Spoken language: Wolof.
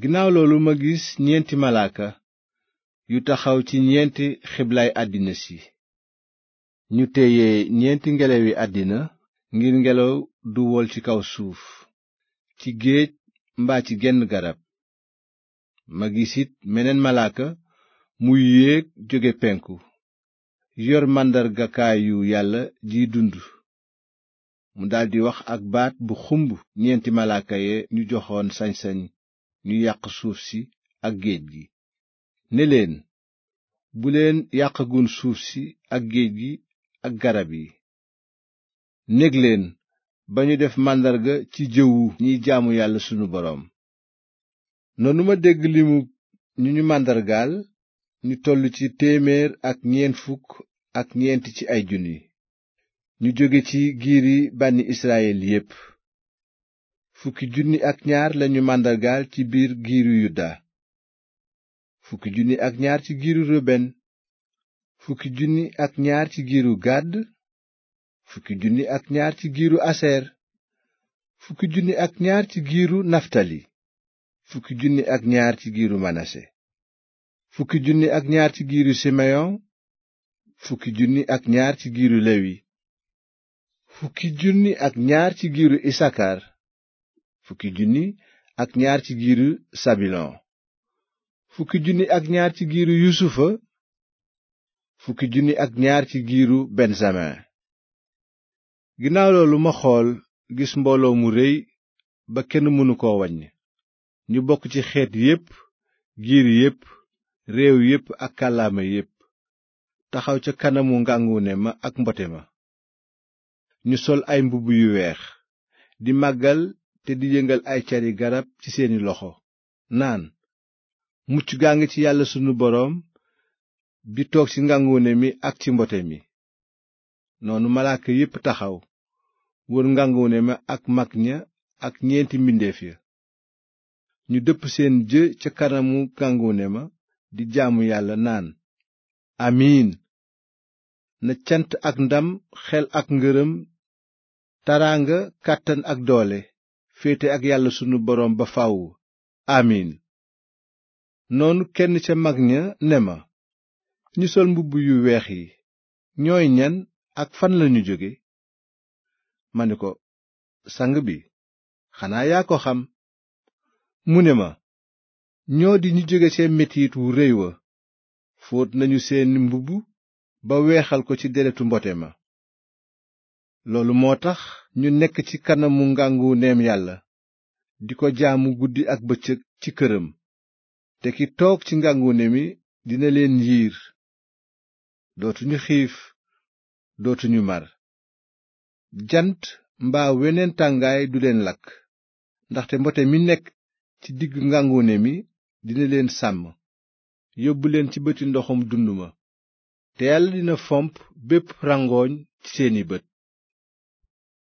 ginnaaw loolu ma gis ñeenti malaaka yu taxaw ci ñeenti xiblaay àddina si ñu téye ñeenti ngelawi àddina ngir ngelaw du wol ci kaw suuf ci géej mbaa ci genn garab ma gis it meneen malaaka muy yéeg jóge penku yor màndargakaayu yàlla jiy dund mu daldi wax ak baat bu xumb ñeenti malaaka ye ñu joxoon sañ-sañ ñu bu leen buleen yàqagul suuf si ak géej gi ak garab yi nég leen ba ñu def màndarga ci jëwu ñiy jaamu yàlla sunu boroom noonu ma dégg limu ñu ñu màndargaal ñu toll ci téeméer ak ñeent fukk ak ñeent ci ay junni ñu jóge ci giir yi bànni Israyil yépp fukki junni ak ñaar lañu màndargaal ci biir giiru yuda fukki junni ak ñaar ci giiru ruben fukki junni ak ñaar ci giiru gàdd fukki junni ak ñaar ci giiru aseer fukki junni ak ñaar ci giiru naftali fukki junni ak ñaar ci giiru manase fukki junni ak ñaar ci giiru simeyon fukki junni ak ñaar ci giiru lewi fukki junni ak ñaar ci giiru isakar fukki junni ak ñaar ci giiru sabilon ak ñaar giiru yusufa fukki junni ginnaaw loolu ma xool gis mbooloo mu réy ba kenn mënu ko waññ ñu bokk ci xeet yépp giir yépp réew yépp ak kàllaama yépp taxaw ca kanamu ngàngune ma ak mboote ma ñu sol ay mbubb yu weex di màggal te di yëngal ay cari garab ci seeni loxo naan mucc gaa ngi ci yàlla sunu boroom bi toog ci ngànguune mi ak ci mbote mi noonu malaaka yépp taxaw wër ngànguune ma ak mag ña ak ñeenti mbindeef ya ñu dëpp seen jë ca kanamu ngànguune ma di jaamu yàlla naan amiin na cant ak ndam xel ak ngërëm taraanga kàttan ak doole féete ak yàlla sunu boroom ba faw amiin noonu kenn ca mag ña ne ma ñi sol mbubb yu weex yi ñooy ñan ak fan lañu jóge ma ne ko sang bi xanaa yaa ko xam mu ne ma ñoo di ñu jóge ca metit wu réy wa fóot nañu seeni mbubb ba weexal ko ci deretu mbote ma loolu moo tax ñu nekk ci kanamu ngàngu neem yàlla di ko jaamu guddi ak bëccëg ci këram te ki toog ci ngàngune mi dina leen yiir dootuñu xiif dootuñu mar jant mbaa weneen tàngaay du leen lakk ndaxte mbote mi nekk ci digg ngàngune mi dina leen sàmm yóbbu leen ci bëti ndoxum dund ma te yàlla dina fomp bépp rangooñ ci seeni bët